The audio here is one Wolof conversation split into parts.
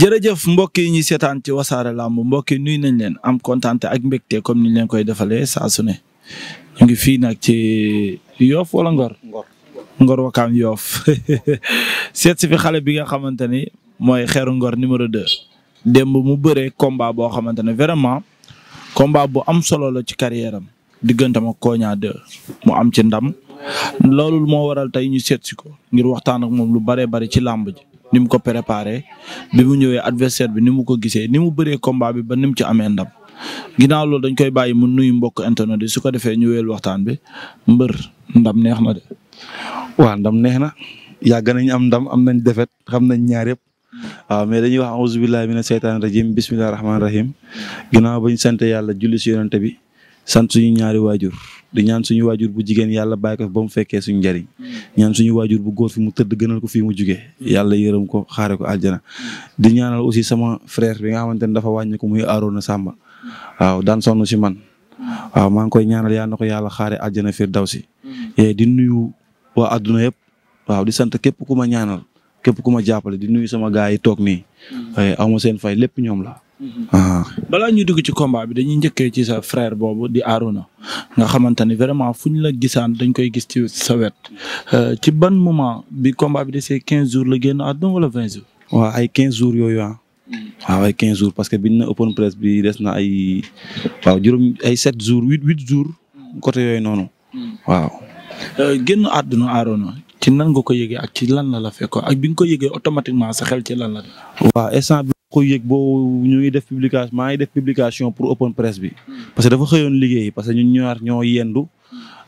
jërëjëf mbokk yi ñuy seetaan ci wasaare lamb mbokk yi nuyu nañ leen am kontaan ak mbégte comme niñ leen koy defalee saa su ne ñu ngi fii nag ci Yoff wala Ngor. Ngor Ngor Wakaam Yoff fi xale bi nga xamante ni mooy xeeru Ngor numéro 2. démb mu bëree combat boo xamante ne vraiment combat bu am solo la ci carrière am digganteem ak mu am ci ndam loolu moo waral tey ñu seetsi ko ngir waxtaan ak moom lu baree bari ci làmb ji. ni mu ko préparé bi mu ñëwee adversaire bi ni mu ko gisee ni mu bëree combat bi ba ni mu ci amee ndam ginnaaw loolu dañ koy bàyyi mu nuyu mbokk internet yi su ko defee ñu wéyal waxtaan bi mbër ndam neex na de. waaw ndam neex na yàgg nañ am ndam am nañ defet xam nañ ñaar yëpp waaw mais dañuy wax auzu billahi mina seytaani rajim bismillahi rahmaani rahim ginnaaw bañ sant yàlla julli si yonente bi sant suñu ñaari waajur di ñaan suñu waajur bu jigéen yàlla bàyyi ko fi ba mu fekkee suñu njariñ hmm. ñaan suñu waajur bu góor fi mu tëdd gënal ko fii mu jugee hmm. yàlla yërëm ko xaare ko aljana di ñaanal aussi sama frère bi nga xamante ne dafa wàññi muy Arona Samba hmm. waaw daan sonn si man waaw maa ngi koy ñaanal yal na ko yàlla xaare aljana firdawsi di nuyu waa adduna yëpp waaw di sant képp ku ma ñaanal képp ku ma jàppale di nuyu sama gaay yi toog nii aw ma seen lépp ñoom la Mm-hmm. Ah. balaa ñu dugg ci combat bi dañuy njëkkee ci sa frère boobu di Arona nga xamante ni vraiment fu ñu la gisaan dañ koy gis ci sa wet euh, ci ban moment bi combat bi quinze jours la génn àdduna wala vingt jours. waaw ay quinze jours yooyu ah. Mm-hmm. waaw parce que biñ na open press bi des na ay waaw juróom ay sept jours huit huit jours côté yooyu noonu. Mm-hmm. waaw. Euh, génn àdduna Arona ci nan nga ko yëgee ak ci lan la la fekkoon ak bi nga ko yëgee automatiquement sa xel ci lan la. waaw ko yëg boo ñu ngi def publication maa ngi def publication pour open press bi parce que dafa xëyoon liggéey parce que ñun ñaar ñoo yendu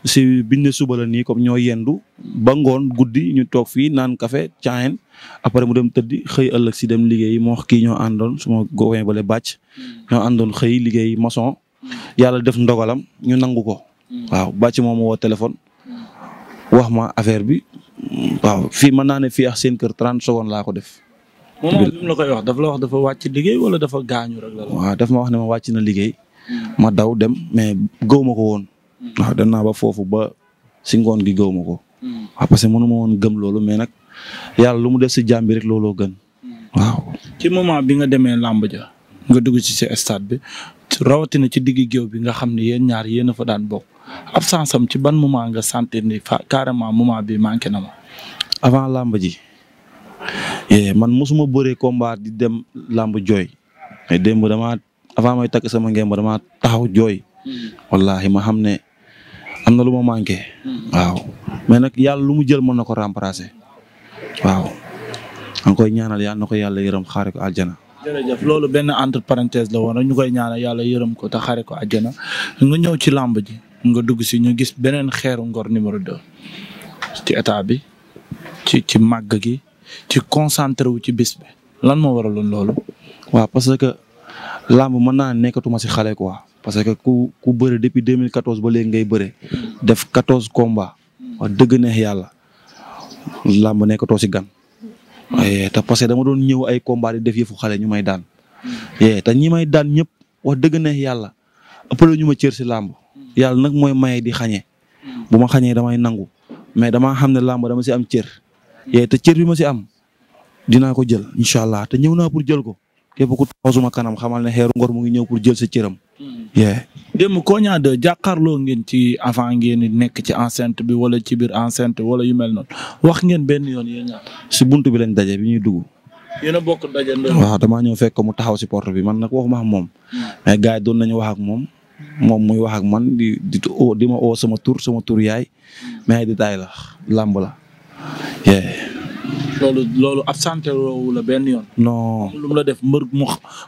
si biñ ne suba la nii comme ñoo yendu ba ngoon guddi ñu toog fii naan kafe caayen après mu dem tëdd xëy ëllëg si dem liggéey moo wax kii ñoo àndoon suma gowen bale bàcc ñoo àndoon xëy liggéey maçon yàlla def ndogalam ñu nangu ko waaw bàcc moom woo téléphone wax ma affaire bi waaw fii mën naa ne fii ak seen kër 30 laa ko def moom bi mu koy wax daf la wax dafa wàcc liggéey wala dafa gaañu rek la. waaw daf ma wax ne ma wàcc na liggéey. ma daw dem mais gëw ma ko woon. Hmm. wa dem naa ba foofu ba si ngoon gi gëw ko. Hmm. waaw parce que ma woon gëm loolu mais nag yàlla lu mu def si jàmm bi rek gën. Hmm. waaw ci moment bi nga demee làmb ja nga dugg ci si stade bi rawatina ci digg géew bi nga xam ne yéen ñaar yéen a fa daan bokk absence am ci ban moment nga sentir ni fa carrément moment bi manqué na ma. avant làmb ji. man mosuma bëree combat di dem làmb jooy mais démb damaa avant may takk sama ngémb dama taxaw jooy. wallahi ma xam ne am na lu ma manqué. waaw mais nag yàlla lu mu jël mën na ko remplacer waaw. maa koy ñaanal yàlla na ko yàlla yërëm xaare ko àjjana. loolu benn entre la woon ñu koy ñaanal yàlla yërëm ko te xaare ko àjjana nga ñëw ci làmb ji nga dugg si ñu gis beneen xeeru ngor numéro 2 ci état bi ci ci màgg gi. ci concentré wu ci bis bi lan moo waraloon loolu. waaw parce que làmb mën naa nekkatuma si xale quoi parce que ku ku bëre depuis 2014 ba léegi ngay bëre def 14 komba wax dëgg neex yàlla làmb nekkatoo si gan. waaye eh, te parce que dama doon ñëw ay combats di def yëfu xale ñu may daan. Eh, te ñi may daan ñëpp wax dëgg neex yàlla ëppale ñu ma cër si làmb. yàlla nag mooy maye di xañe. bu ma xañee damay nangu mais dama xam ne làmb dama si am cër. yee te cër bi ma si am dinaa ko jël incha allah te ñëw naa pour jël ko képp ku taxaw kanam xamal ne xeer ngor mu ngi ñëw pour jël sa cëram. yee. démb Kogna 2 jàkkaarloo ngeen ci avant ngeen nekk ci enceinte bi wala ci biir enceinte wala yu mel noonu wax ngeen benn yoon yéen si buntu bi lañ daje bi ñuy dugg. yéen a bokk daje ñëw fekk mu taxaw si porte bi man nag waxuma ak moom. mais nañu wax ak moom. moom muy wax ak man di di di ma sama tur sama tur yaay. mais ay détail la làmb la. loolu loolu absenté woowu la benn yoon. non lu la def mbër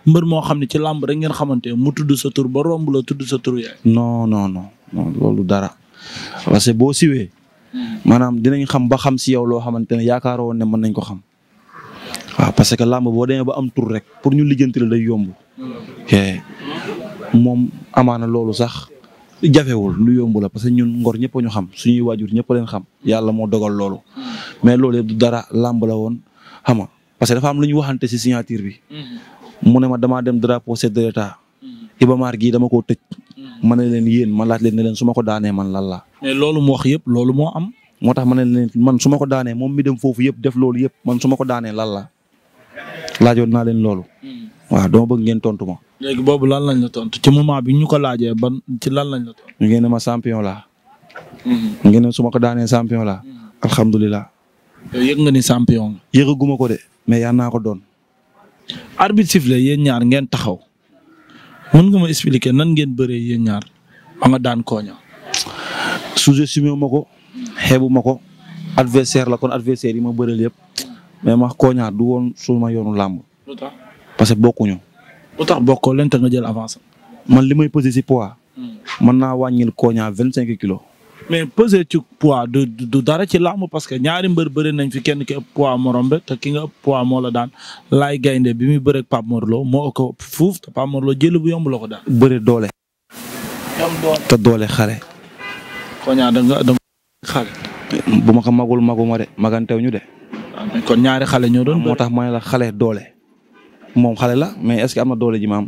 mbër moo xam ne ci làmb rek ngeen xamante mu tudd sa tur ba romb la tudd sa tur yaay. non loolu dara parce que boo siwee maanaam dinañ xam ba xam si yow loo xamante ne yaakaaroo woon ne mën nañ ko xam waaw parce que làmb boo demee ba am tur rek pour ñu lijjanti la day yomb. moom amaana loolu sax jafewul lu yomb la parce que ñun ngor ñëpp ñu xam suñuy waajur ñëpp leen xam yàlla moo dogal loolu mais loolu yëpp du dara làmb la woon xam nga parce que dafa am lu ñu waxante si signature bi mhm. mu ne ma damaa dem drapeau chef de l'état mhm. Iba Mar gii dama koo tëj mhm. ma ne leen yéen ma laaj leen ne leen su ma ko daanee man lan la mais loolu mu wax yëpp loolu moo am moo tax ma ne leen man su ma ko daanee moom mi dem foofu yëpp def loolu yëpp man su ma ko daanee lan la laajoon naa leen loolu waaw dama bëgg ngeen tontu ma. léegi boobu lan lañ la tontu ci moment bi ñu ko laajee ban ci lan la tontu. ngeen ne ma champion laa. Mhm. ngeen ne su ma ko daanee champion laa. Mhm. alhamdulilah. yow yëg nga ni champion. yëgaguma ko de mais yaa naa ko doon. arbitre sifflé yéen ñaar ngeen taxaw mën nga ma expliquer nan ngeen bëree yéen ñaar ba nga daan kooña. sous-estimé ma ko xeebu ma ko adversaire la kon adversaire yi ma bëreel yëpp mais ma kooña du woon su ma yoonu làmb. parce que bokkuñu. lu tax bokkoo leen ta nga jël avance. man li may peser si man hmm. mën naa wàññil Kogna vingt cinq kilo mais peser ci poids du du dara ci làmb parce que ñaari mbër bëri nañ fi kenn ki ëpp poids morom be te ki nga ëpp poids moo la daan laay gaynde bi muy bëreeg Pape Morlo moo ko fuuf te Pape Morlo jël bu yomb la ko daan. bëri doole. te doole xale. Kogna da bu ma magul maguma de magantew ñu de. Ah, kon ñaari xale ñoo moo tax ma la xale doole. moom xale la mais est-ce que am na doole ji ma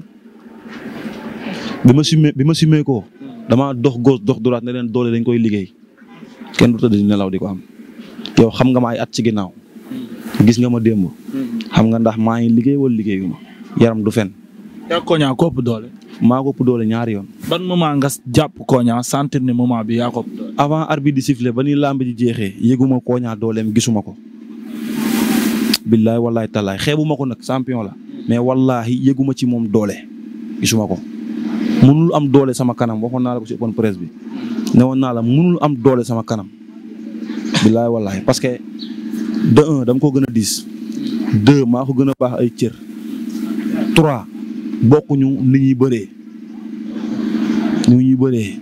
bi ma sumee bi ma sumee ko damaa dox góos dox duraat ne leen doole dañ koy liggéey kenn du tëdd di nelaw di ko am yow xam nga ma ay at ci ginnaaw gis nga ma démb. xam nga ndax maa ngi liggéey wala liggéeyu ma yaram du fen yaa Kogna ko doole. maa ko doole ñaari yoon. ban moment nga jàpp Kogna sentir ne moment bi yaa ko ëpp doole. avant di siffler ba ni lamb ji jeexee yëguma Kogna dooleem gisuma ko. billaay wallaay tallaay xeebuma ko nag sampion la. mais wallaahi yëguma ci moom doole gisuma ko mënul am doole sama kanam waxoon naa la ko ci open presse bi woon naa la mënul am doole sama kanam billaay wallaahi parce que de un dama ko gën a diis deux maa ko gën a baax ay cër trois bokkuñu ni ñuy bëree ni ñuy bëree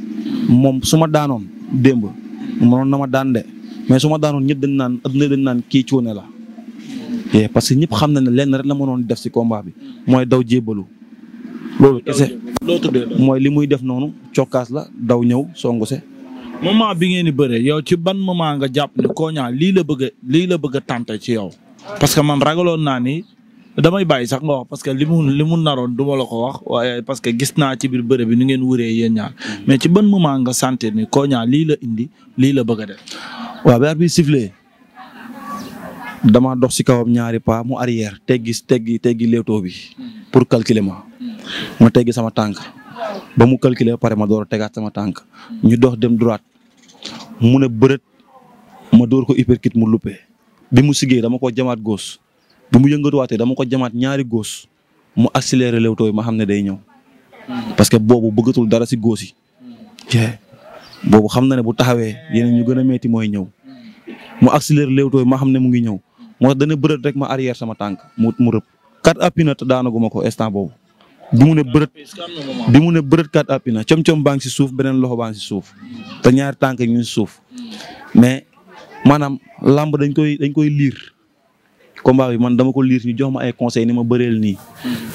moom suma ma daanoon démb mënoon na ma daan de mais su ma daanoon ñëpp dañ naan adduna naan kii cuune la yee parce que ñëpp xam na ne lenn rek la mënoon def si combat bi mooy daw jébalu loolu kese mooy li muy def noonu cokkaas la daw ñëw songu se moment bi ngeen di bëre yow ci ban moment nga jàpp ne lii la bëgg lii la bëgg a ci yow parce que man ragaloon naa ni damay bàyyi sax nga parce que li mu li mu naroon du ma la ko wax waaye parce que gis naa ci biir bëre bi nu ngeen wuree yéen ñaar mais ci ban moment nga sentir ni Konia lii la indi lii la bëgg def. dama dox si kawam ñaari pas mu arrière teggi teggi teggi léetoo bi pour calculer ma ma teggi sama tànk ba mu calculer ba pare ma door a tegaat sama tànk ñu dox dem droite mu ne bërët ma door ko uppercut mu luppe bi mu siggee dama ko jamaat gauche bi mu yëngatuwaatee dama ko jamaat ñaari góos mu accéléré léewtoo yi ma xam ne day ñëw parce que boobu bëggatul dara si gauche yi boobu xam na ne bu taxawee yeneen ñu gën a metti mooy ñëw mu accéléré léewtoo yi ma xam ne mu ngi ñëw moo dana bërët rek ma arrière sama tànk mu rëb kat apina te daanaguma ko instant boobu bi mu ne bërët bi mu kat apina com-com baa si suuf beneen loxo baa si suuf te ñaari tànk ñu si suuf mais maanaam làmb dañ koy dañ koy liir combat bi man dama ko liir ñu jox ma ay conseil ni ma bëreel nii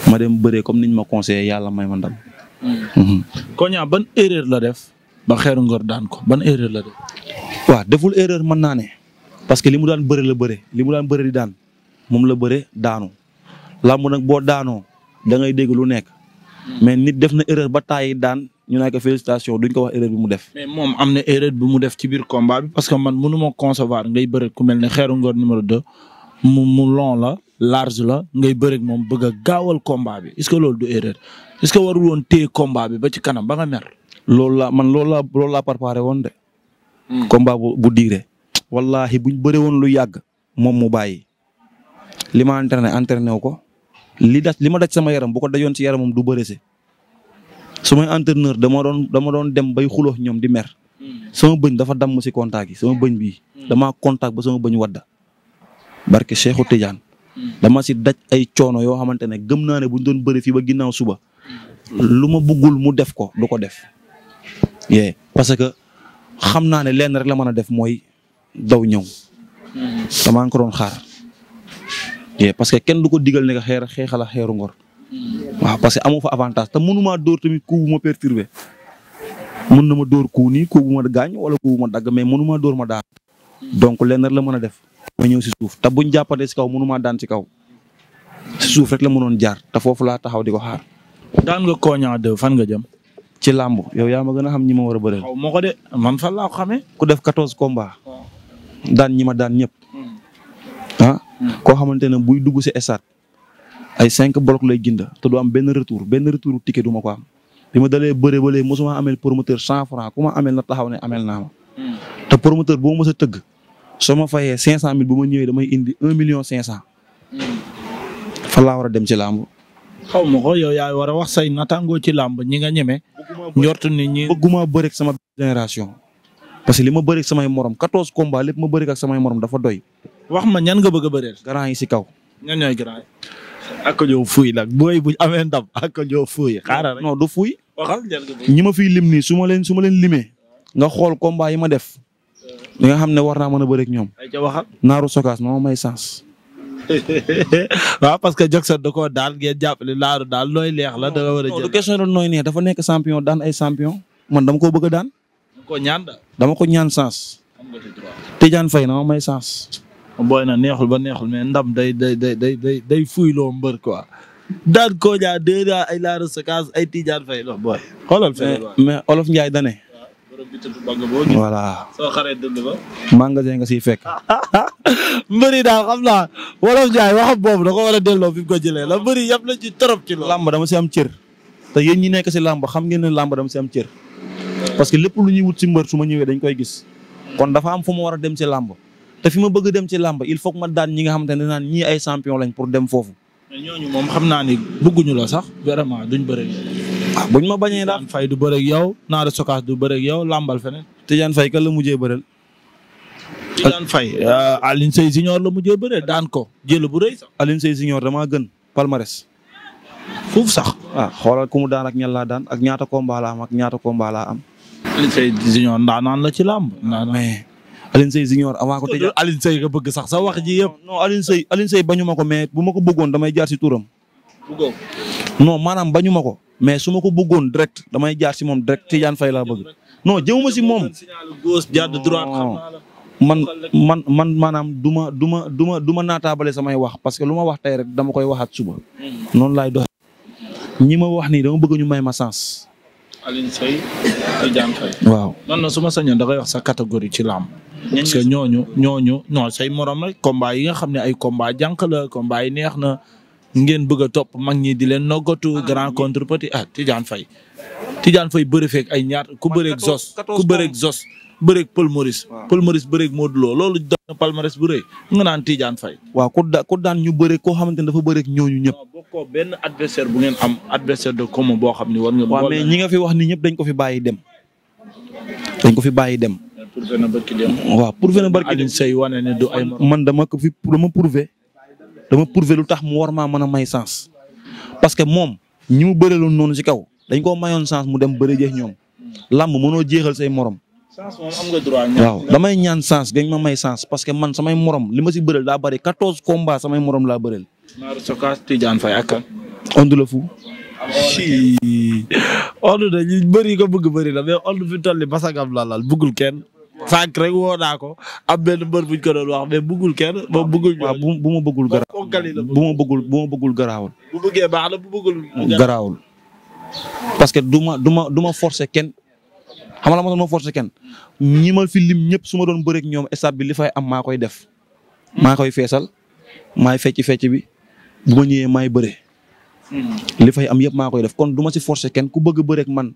ma dem bëree comme niñ ma conseillé yàlla may ma ndam mm. Kogna ban erreur la def ba Xeeru Ngor daan ko ban erreur la def waaw deful erreur mën naa parce que li mu daan bëre la bëre li mu daan bëre daan moom la bëre daanu làmb nag boo daanoo da ngay dégg nekk mais nit def na erreur ba tàyyi daan ñu naan ko félicitation duñ ko wax erreur bi mu def. mais moom am na erreur bi mu def ci biir combat bi parce que man mënu ma concevoir ngay bëre ku mel ne Xeeru Ngor numéro 2 mu mu long la large la ngay bëre ak moom bëgg a gaawal combat bi est-ce du erreur est-ce que warul woon téye combat bi ba ci kanam ba mer. loolu laa man loolu laa loolu laa préparé woon de. Hmm. combat bu bu wallahi buñ bëri woon lu yàgg moom mu bàyyi. li ma entraîné entraîné wu ko li daj li ma daj sama yaram bu ko dajoon ci yaramam du bëre se sumay entraîneur dama doon dama doon dem bay xuloo ñoom di mer. sama bëñ dafa damm si contact yi sama bëñ bii. damaa contact ba sama bëñ wadda barke Cheikhou Tidiane. dama si daj ay coono yoo xamante ne gëm naa ne buñ doon bëri fii ba ginnaaw suba. lu ma bëggul mu def ko du ko def. yee parce que xam naa ne lenn rek la mën a def mooy daw ñëw. damaa ngi ko doon xaar. yee parce que kenn du ko digal ne xeer xeexala xeeru ngor. waaw parce que amoo fa avantage te mënumaa door tamit ku bu ma perturbé. mën na ma dóor ku nii ku bu gaañ wala ku bu ma dagg mais mënumaa dóor ma daal. donc lenn la mën a def. ma ñëw si suuf te buñ jàppante si kaw mënumaa daan si kaw. si suuf rek la mënoon jaar te foofu laa taxaw di ko xaar. daan nga Kogna 2 fan nga jëm. ci lamb yow yaa ma gën a xam ñi ma war a man fan laa ko daan ñi ma daan ñëpp hmm. ah koo xamante ne buy dugg si stade ay cinq bloc lay jënd te du am benn retour benn retour ticket du ma ko am bi ma dalee bëre ba léegi mosuma amel promoteur cent franc ku ma na taxaw ne amel naa ma hmm. te promoteur boo mos a tëgg soo ma fayee cinq cent mille bu ma ñëwee damay indi un million cinq cent hmm. fan laa war a dem ci làmb xaw ma ko yow yaay war a wax say nattangoo ci làmb ñi nga ñeme njort ni ñi bëgguma bëre sama génération parce que li ma bëri ak samay morom 14 combats lépp ma bëri ak samay morom dafa doy. wax ma ñan nga bëgg a bëreel. grand yi si kaw. ñan ñooy grand yi. ak ñoo fuuy nag booy bu amee ndam ak du fuuy. waxal ñi ma fiy lim nii su ma leen su ma leen limee. nga xool combat yi ma def. nga xam ne war naa mën a bëri ñoom. ay ca waxal naaru may sens. waaw parce que Jackson da koo daal ngeen jàppale laaru daal nooy leex la da nga war a jël. non du question doon nooy dafa nekk champion daan ay champion man dama koo bëgg a daan. ko da dama ko ñaan sens. fay na ma may sens. booy na neexul ba neexul mais ndam day day day day day fuyloo mbër quoi. daan koo ñaar déjà ay laara séquence ay Tidiane Faye lox booy. xoolal fee mais Olof Ndiaye da ne. voilà. soo xaree dënd ba. magasin nga siy fekk. mbëri daal xam naa Wolof Ndiaye waxam boobu da ko war a delloo fi mu ko jëlee la mbëri yab na ci trop ci loolu. làmb dama si cër. te yéen ñi nekk si làmb xam ngeen ne làmb dama si cër. parce que lépp lu ñuy wut ci mbër suma ma ñëwee dañ koy gis kon dafa am fu ma war a dem ci làmb te fi ma bëgg dem ci làmb il faut que ma daan ñi nga xamante ne naan ñii ay champion lañ pour dem foofu. ñooñu moom xam naa ni bëgguñu la sax vraiment duñ bëre ah buñ ma bañee daal Fay du bëre ak yow Naar Sokaas du bëre ak yow làmbal feneen. Tidiane Fay kan la mujjee bëreel. Tidiane Fay euh, Alioune Seye Junior la mujjee bëreel daan ko jël bu rëy sax. alin Seye Junior damaa gën palmarès. foofu sax. ah ku mu daan ak ñan laa daan ak ñaata combat laa am ak ñaata combat laa am. Alioune Seye junior ndaanaan la ko tëjee ah, Alioune bëgg sax sa wax ji yëpp. non Alioune Seye Alioune ko mais bu ma ko bëggoon damay jaar si turam. bëggoon non maanaam bañu ma ko. mais su ma ko bëggoon direct damay jaar si moom direct Tidiane Faye laa bëgg. non jëmuma si moom. man man man maanaam du ma du ma du ma du ma naataabale samay wax parce que lu ma wax tey rek dama koy waxaat suba. Hmm. noonu laay doxee. ñi wax nii dama bëgg ñu may ma sens. di Diane Faye waaw man na su ma sañoon da wax sa catégorie ci làmb. parce que ñooñu ñooñu non say morom rek combat yi nga xam ne ay combat jànk la combat yi neex na ngeen bëgg a topp mag ñi di leen noggatu ah, grand contre petit ah Tidiane Faye Tidiane Faye bëri feeg ay ñaar ku bëreeg sos ku bëreeg Zos bëreeg Paul Maurice Paul Maurice bëreeg Modou Lo loolu doon nga naan Tidiane Faye waaw ku ku daan ñu bëreeg koo xamante ne dafa bëreeg ñooñu ñëpp bokkoo benn adversaire bu ngeen am adversaire de commun boo xam ne war nga fi wax ni ñëpp dañ ko fi bàyyi dem dañ ko fi bàyyi dem. prouvé na barki waaw prouvé na barki dem wane ne du ay man dama ko fi dama prouvé dama prouvé lu tax mu war maa mën a may sance parce que moom ñi mu bëreeloon noonu si kaw dañ koo mayoon sens mu dem bëre jeex ñoom. làmb mënoo jeexal say morom. sens moom nga droit. waaw damay ñaan sance gañ ma may sance parce que man samay morom li ma ci bëreel daa bëri quatorze combats samay morom laa bëreel. Naar Sokas Tidiane Faye ak kan. Onde ond de ñu bëri ko bëgg bëri na mais ond fi mu toll nii basagam laa laal bëggul kenn. sànq rek woo naa ko am benn mbër buñ ko doon wax mais bëggul kenn moom bëggul. waaw bu ma bëggul garaawul bu bëggul bu ma bëggul garaawul. bu bëggee baax na bu bëggul. parce que du ma du ma du ma forcer kenn xam nga ma doon ma forcer kenn ñi ma fi lim ñëpp su ma doon bëreeg ñoom stade bi li fay am maa koy def. maa koy feesal maay fecc fecc bi bu ma ñëwee maay bëre. Mm. li fay am yëpp maa koy def kon duma ma si forcer kenn ku bëgg a bëre man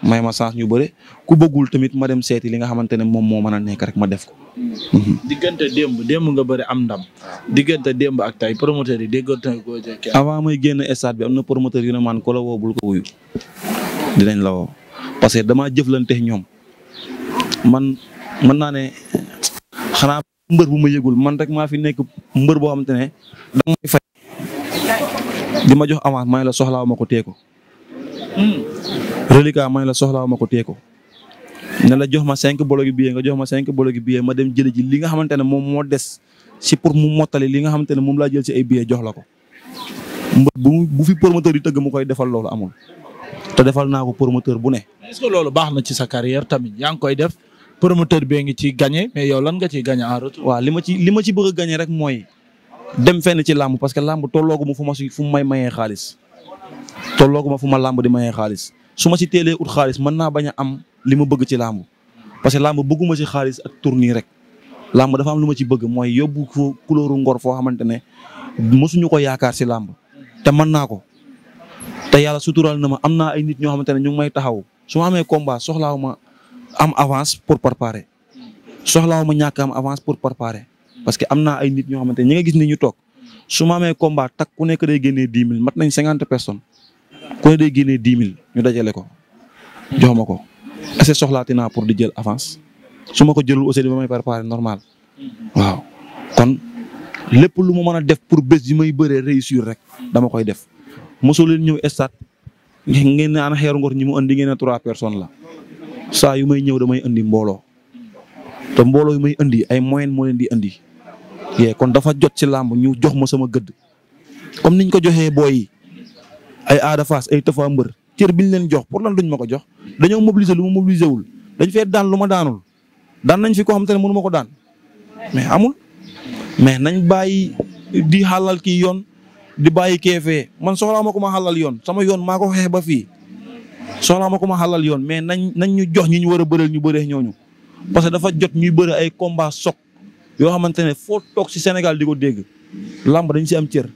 may ma chance ñu bëre ku bëggul tamit ma dem seeti li nga xamante ne moom moo mën a nekk rek ma def ko. Mm. Mm-hmm. diggante démb démb nga bëri am ndam. diggante démb ak tay promoteur yi déggoon ko. avant may génn stade bi am na promoteur yu ne man ko la woo bul ko wuyu dinañ la woo parce que damaa jëflante ñoom man mën naa ne xanaa mbër bu ma yëgul man rek maa fi nekk mbër boo xamante ne danga fay li ma jox avance may la soxla ma ko teeku. Hmm. reliquat la soxlaaw ma ko teeku. ne la jox ma cinq bologi billet nga jox ma cinq bologi billet ma dem jëli ji li nga xamante ne moom moo des si pour mu mottali li nga xamante ne moom laa jël si ay bi jox la ko. bu bu fi promoteur yi tëgg mu koy defal loolu amul. te defal naa ko promoteur bu ne. est-ce baax na ci sa carrière tamit yaa ngi koy def promoteur bee ngi ci gagné yow lan nga ciy gagné waaw li ma ci li ma ci bëgg a gagné rek mooy dem fenn ci làmb parce que làmb tolloogu ma fu ma si fu mu may mayee xaalis tolloogu fu ma làmb di mayee xaalis su ma si teelee ut xaalis man naa bañ am li ma bëgg ci làmb parce que làmb bëgguma ci xaalis ak tournée rek làmb dafa am lu ma ci bëgg mooy yóbbu ko couleur ngor foo xamante ne mosuñu ko yaakaar si làmb te mën naa ko te yàlla suturaal na ma am naa ay nit ñoo xamante ne ñu ngi may taxaw su ma amee combat soxlaawu ma am avance pour préparer soxlaawu ma ñàkk am pour préparer parce que am naa ay nit ñoo xamante ñi nga gis ni ñu toog su ma amee combat tak ku nekk day génnee dix mille mat nañ cinquante personnes ku ne day génnee dix mille ñu dajale ko jox ma ko est-ce que soxlaati naa pour di jël avance su ma ko jëlul aussi di ma may préparer normal waaw kon lépp lu ma mën a def pour bés yi may bëree réussir rek dama koy def mosoo leen ñëw stade ngeen ne ana xeeru ngor ñi mu andi ngeen ne trois personnes la saa yu may ñëw damay andi mbooloo te mbooloo yu may andi ay moyen moo leen di andi yee kon dafa jot ci làmb ñu jox ma sama gëdd comme niñ ko joxee booy yi ay Ada Fass ay Tapha Mbeur cër biñ leen jox pour lan duñ ma ko jox dañoo mobiliser lu ma mobiliser wul dañ fee daan lu ma daanul daan nañ fi ko xam te ne mënu ma ko daan mais amul mais nañ bàyyi di xàllal ki yoon di bàyyi keefee man soxlaa ma ko ma xàllal yoon sama yoon maa ko xeex ba fii soxlaa ma ko ma xàllal yoon mais nañ nañ ñu jox ñu ñu war a bëreel ñu bëree ñooñu parce dafa jot ñuy bëri ay combat sok yoo xamante ne foo toog si Sénégal di ko dégg làmb dañ si am cër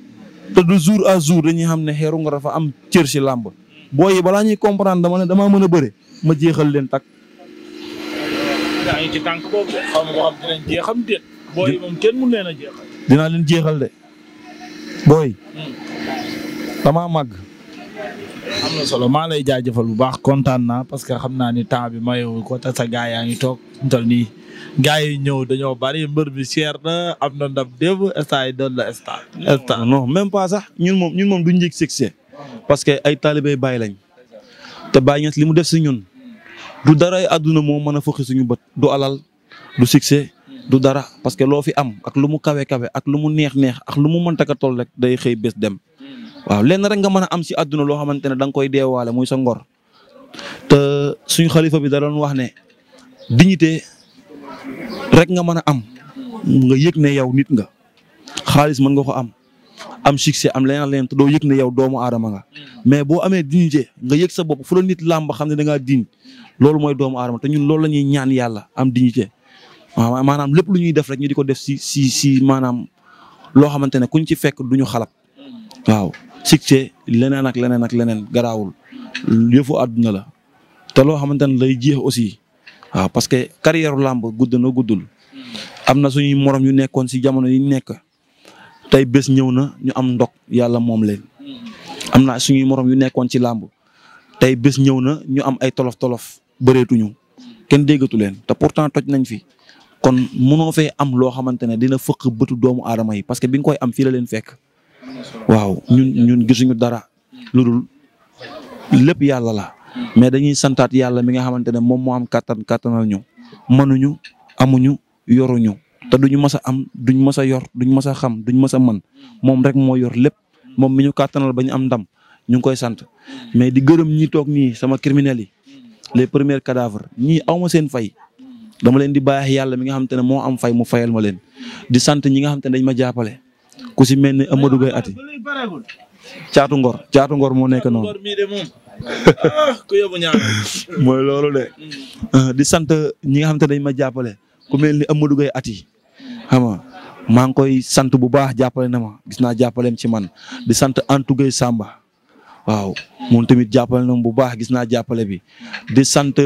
te de jour à jour dañuy xam ne xeeru nga dafa am cër si lamb boy yi balaa ñuy comprendre dama ne damaa mën a bëre ma jeexal leen takk. daa de xam nga xam dinañ jeexam leen jeexal. dinaa leen de booy. damaa màgg. am na solo maa lay jaajëfal bu baax kontaan naa parce que xam naa ni temps bi mayewu ko te sa gaa yaa ngi toog ñu toll nii. gars yi ñëw dañoo bari mbër bi cher na am na ndam démb instant yi doon la instant. même pas sax ñun moom ñun moom duñ yëg succès parce que ay talibé bàyyi lañ te bàyyi ñes li mu def si ñun du dara ay àdduna moo mën a fëqi suñu bët du alal du succès du dara parce que loo fi am ak lu mu kawe kawe ak lu mu neex neex ak lu mu mënta ka toll rek day xëy bés dem waaw lenn rek nga mën a am si àdduna loo xamante ne da nga koy deewaale muy sa ngor te suñu xalifa bi da doon wax ne rek nga mën a am nga yëg ne yow nit nga xaalis mën nga ko am am succès am leneen leneen te doo yëg ne yow doomu aadama nga mais boo amee dignité nga yëg sa bopp fu la nit xam ne da ngaa diñ loolu mooy doomu aadama te ñun loolu la ñuy ñaan yàlla am dignité waaw maanaam lépp lu ñuy def rek ñu di ko def si si si maanaam loo xamante ne kuñ ci fekk duñu xalab waaw succès leneen ak leneen ak leneen garaawul yëfu àdduna la te loo xamante lay jeex aussi waaw parce que carrière làmb gudd na guddul am na suñuy morom yu nekkoon si jamono yi nekk tey bés ñëw na ñu am ndog yàlla moom leen am na suñuy morom yu nekkoon ci làmb tey bés ñëw na ñu am ay tolof tolof bëreetuñu kenn déggatu leen te pourtant toj nañ fi kon mënoo fee am loo xamante ne dina fëq bëtu doomu aadama yi parce que bi nga koy am fii la leen fekk waaw ñun ñun gisuñu dara lu dul lépp yàlla la mais dañuy santaat yàlla mi nga xamante ne moom moo am kattan kattanal ñu mënuñu amuñu yoruñu te duñu mës a am duñ mës a yor duñ mës a xam duñ mës a mën moom rek moo yor lépp moom mu ñu kattanal ba ñu am ndam ñu ngi koy sant mais di gërëm ñi toog ñi sama criminels yi les premiers cadavres ñii aw seen fay dama leen di bàyyi yàlla mi nga xamante ne moo am fay mu fayal ma leen di sant ñi nga xamante ne dañ ma jàppale ku si mel ni Amadou Gueye ati caatu ngor caatu ngor moo nekk noonu ku yóbbu ñaar mooy loolu de. Hmm. Ah, di sant ñi nga xam te dañ ma jàppale ku mel ni Amadou Gueye ati xam nga maa ngi koy sant bu baax jàppale na ma gis naa jàppaleem ci man di sant Antou Gueye Samba waaw moom tamit jàppale na ma bu baax gis naa jàppale bi di sant.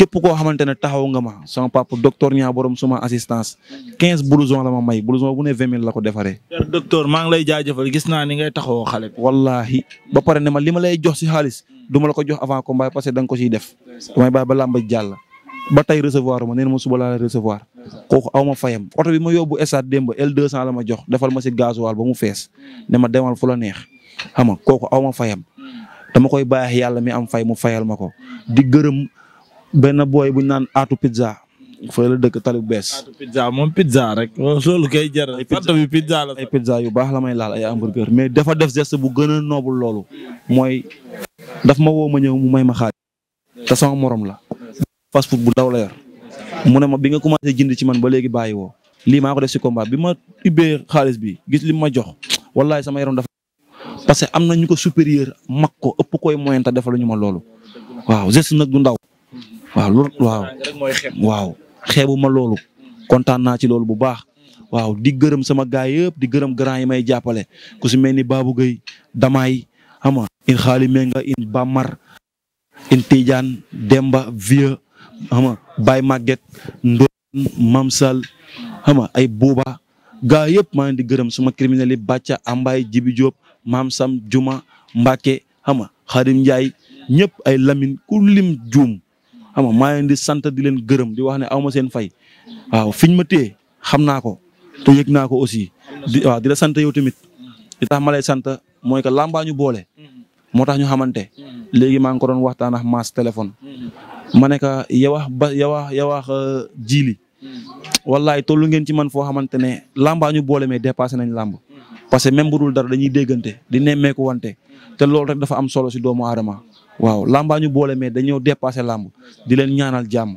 képp koo xamante ne taxaw nga ma sama papa docteur ñaa borom suma assistance 15 blouson la ma may blouson bu ne la ko defaree. docteur maa ngi lay jaajëfal gis naa ni ngay taxawoo xale wallaahi ba pare ne lay jox si xaalis du ma la ko jox avant combat parce que da nga ba làmb jàll. ba tey recevoir ma nee ma suba laa la recevoir kooku aw ma fayam oto bi ma yóbbu stade démb L200 la ma jox defal ma si gasoil ba mu fees ne ma demal fu la neex xam nga kooku aw ma fayam dama koy baax yàlla mi am fay mu fayal ma ko benn booy bu ñu naan aatu pizza fooy la dëkk tali bu bees. pizza moom pizza rek. loolu kay jar ay pizza bi pizza ay baax la may laal ay hamburger mais dafa def geste bu gën a noobul loolu mooy daf ma woo ma ñëw mu may ma xaar te sama moroom la. fast food bu daw la yor mu ne ma bi nga commencé jënd ci man ba léegi bàyyi woo lii maa ko def si combat bi ma ubbee xaalis bi gis li ma jox wallahi sama yaram dafa parce am na ñu ko supérieur mag ko ëpp koy moyen te defaluñu ma loolu waaw geste nag ndaw. waaw loolu waaw waaw xeebu ma loolu naa ci loolu bu baax waaw di gërëm sama gaa yëpp di gërëm grand yi may jàppale ku si mel ni Babou Gueye Damaay ama in xaali in Bamar in Tidiane Demba Vieux ama Baye Maguette Ndoon Mamsal ama ay Bouba gaa yëpp maa ngi di gërëm suma criminel yi Bàcca Ambaay Jibi Diop Maam Juma Mbacke ama Xadim Ndiaye ñëpp ay Lamine ku lim juum xam nga maa leen di sant di leen gërëm di wax ne aw ma seen fay waaw fiñ ma téye xam naa ko te yëg naa ko aussi di di la sant yow tamit li tax ma lay sant mooy que làmbaa ñu boole moo tax ñu xamante léegi maa ngi ko doon waxtaan ak maas téléphone ma ne ka yow ba yow wax yow wax euh, jiili wallaay tollu ngeen ci man foo xamante ne làmbaa ñu boole mais dépassé nañ làmb parce que même bu dul dara dañuy déggante di nemmeeku wante te loolu rek dafa am solo si doomu aadama waaw làmbaa ñu boole mais dañoo dépassé làmb di leen ñaanal jàmm.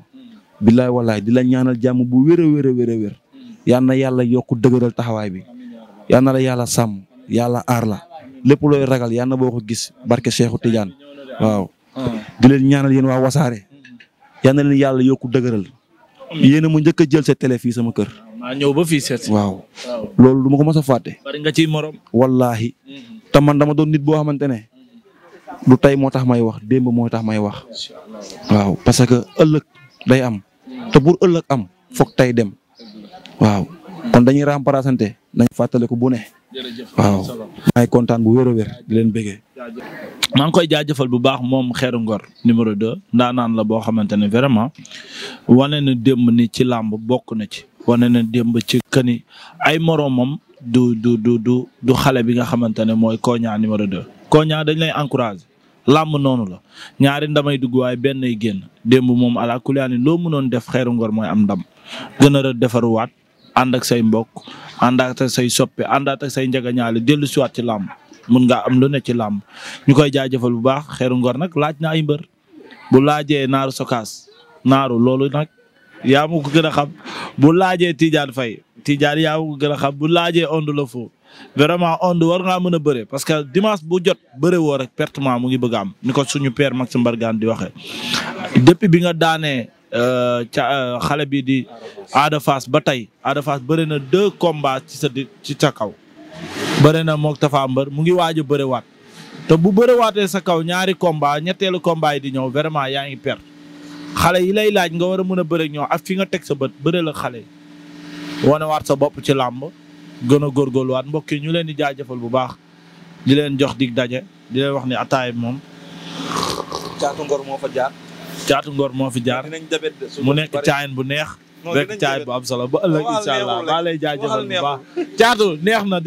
billaay walaay di la ñaanal jàmm bu wér a wér a wér a na yàlla yokk dëgëral taxawaay bi yal na la yàlla sàmm yàlla aar la lépp looy ragal yal na boo ko gis barke Cheikhou Tidiane waaw. di leen ñaanal yéen waa wasaare yal na leen yàlla yokk dëgëral. yéen mu njëkk jël sa télé fii sama kër. ñëw ba fii seet. waaw loolu du ma ko mos a fàtte. bari nga ci morom. te man dama doon nit boo xamante ne. du tey moo tax may wax démb moo tax may wax waaw parce que ëllëg day am te pour ëllëg am foog tey dem waaw kon dañuy remplaçante nañ fàttale ko bu ne waaw maay kontaan bu wér a di leen bëggee. maa ngi koy jaajëfal bu baax moom Xeeru Ngor numéro 2 ndaanaan la boo xamante ne vraiment wane na démb ni ci làmb bokk na ci wane na démb ci këni ay moromam du du du du du xale bi nga xamante ne mooy Kogna numéro de Kogna dañ lay encouragé lamb noonu la ñaari ndamay dugg waaye benn ay génn démb moom ala kuliyaani loo mënoon def xeeru ngor mooy am ndam gën a defaruwaat ànd ak say mbokk àndaat say soppe àndaat ak say njagañaale dellu siwaat ci làmb mun ngaa am lu ne ci làmb ñu koy jaajëfal bu baax xeeru ngor nag laaj na ay mbër bu laajee naaru sokaas naaru loolu nag yaa ma ko gën a xam bu laajee Tidiane fay Tidiane yaa ma ko gën a xam bu laajee Onde le vraiment Onde war ngaa mën a bëre parce que dimanche bu jot bëre woo rek pertement mu ngi bëgg am ni ko suñu père Max Mbargane di waxee. depuis bi nga daanee euh, ca euh, xale bi di Ada Fass ba tey Ada Fass bëri na deux combats ci sa ci sa kaw. bëri na moog Tapha Mbeur mu ngi waaj a bëriwaat te bu bëriwaatee sa kaw ñaari combat ñetteelu combat yi di ñëw vraiment yaa ngi perte. xale yi lay laaj nga war a mën a bëre ñoo ak fi nga teg sa bët bëre la xale yi. wanewaat sa bopp ci làmb gën a góorgóorluwaat mbokk yi ñu leen di jaajëfal bu baax di leen jox dig daje di leen wax ni ataay moom. caatu ngor moo fa jaar. caatu ngor moo fi jaar mu nekk caayin bu neex. rek caay bu am solo ba ëllëg incha allah lay jaajëfal bu baax caatu neex na.